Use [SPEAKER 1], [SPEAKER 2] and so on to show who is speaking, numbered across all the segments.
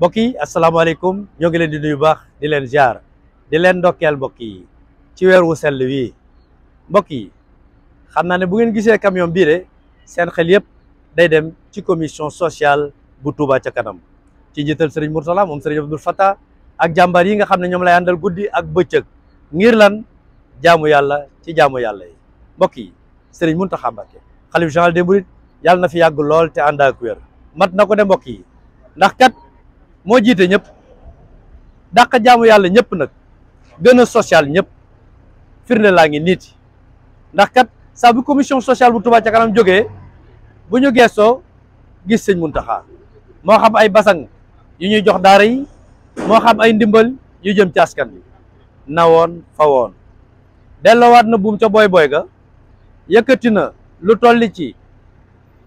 [SPEAKER 1] mbokk yi asalaamaaleykum ñoo ngi leen di nuyu baax di leen jaar di leen ndokkeel mbokk yi ci weer wu sell wii mbokk yi xam naa ne bu ngeen gisee camion bii de seen xel yëpp day dem ci commission sociale bu Touba ca kanam ci njiital Serigne Mourtala moom Serigne Abdoul Fattah ak jàmbaar yi nga xam ne ñoom lay àndal guddi ak bëccëg ngir lan jaamu yàlla ci jaamu yàlla yi mbokk yi Serigne Mountakha Mbacké xalif général des mourides na fi yàgg lool te ànd ak mat na ko de mbokk yi moo jiite ñëpp daq jaamu yàlla ñëpp nag gën a social ñëpp firnde laa ngi niit ndax kat saa bu commission sociale bu Touba ca kanam jógee bu ñu geestoo gis sëñ Muntaxa moo xam ay basang yu ñuy jox daara yi moo xam ay ndimbal yu jëm ci askan bi nawoon fa woon delloowaat na buum ca booy booy ga yëkkati na lu tolli ci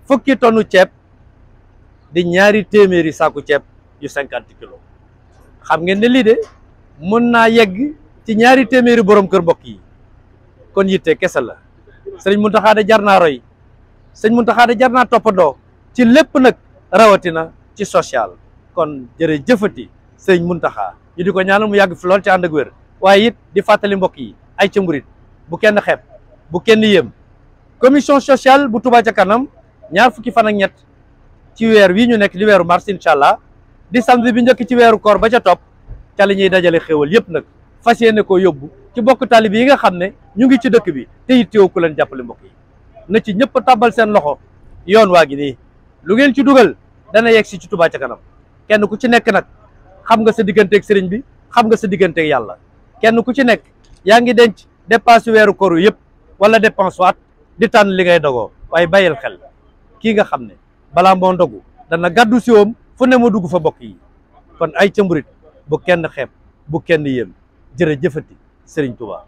[SPEAKER 1] fukki tonu ceeb di ñaari téeméeri saaku ceeb yu cinquante kilos xam ngeen ne lii de mën naa yegg ci ñaari téeméeri borom kër mbokk yi kon yitte kese la sëriñ Muntaxa de jar naa roy sëriñ Muntaxa de jar naa toppadoo ci lépp nag rawatina ci sociale kon jërë jëfati sëriñ Muntaxa ñu di ko ñaanal mu yàgg fi lool ci ànd ak wér waaye it di fàttali mbokk yi ay ca mburit bu kenn xeeb bu kenn yem commission sociale bu Touba ca kanam ñaar fukki fan ak ñett ci weer wi ñu nekk di weeru mars incha allah di samedi bi njëkk ci weeru koor ba ca topp ca la ñuy dajale xéwal yëpp nag fas yéene ko yóbbu ci bokk taalib yi nga xam ne ñu ngi ci dëkk bi te itteewu ku leen jàppale mbokk yi na ci ñëpp tàbbal seen loxo yoon waa ngi nii lu ngeen ci dugal dana yegg si ci Touba ca kanam kenn ku ci nekk nag xam nga sa digganteeg sëriñ bi xam nga sa digganteeg yàlla kenn ku ci nekk yaa ngi denc dépense weeru koor yëpp wala dépense waat di tànn li ngay dogoo waaye bàyyil xel kii nga xam ne balaa moo dana gàddu siwam fu ne ma dugg fa bokk yi kon ay ca murit bu kenn xeeb bu kenn yéem jërëjëfati Serigne Touba.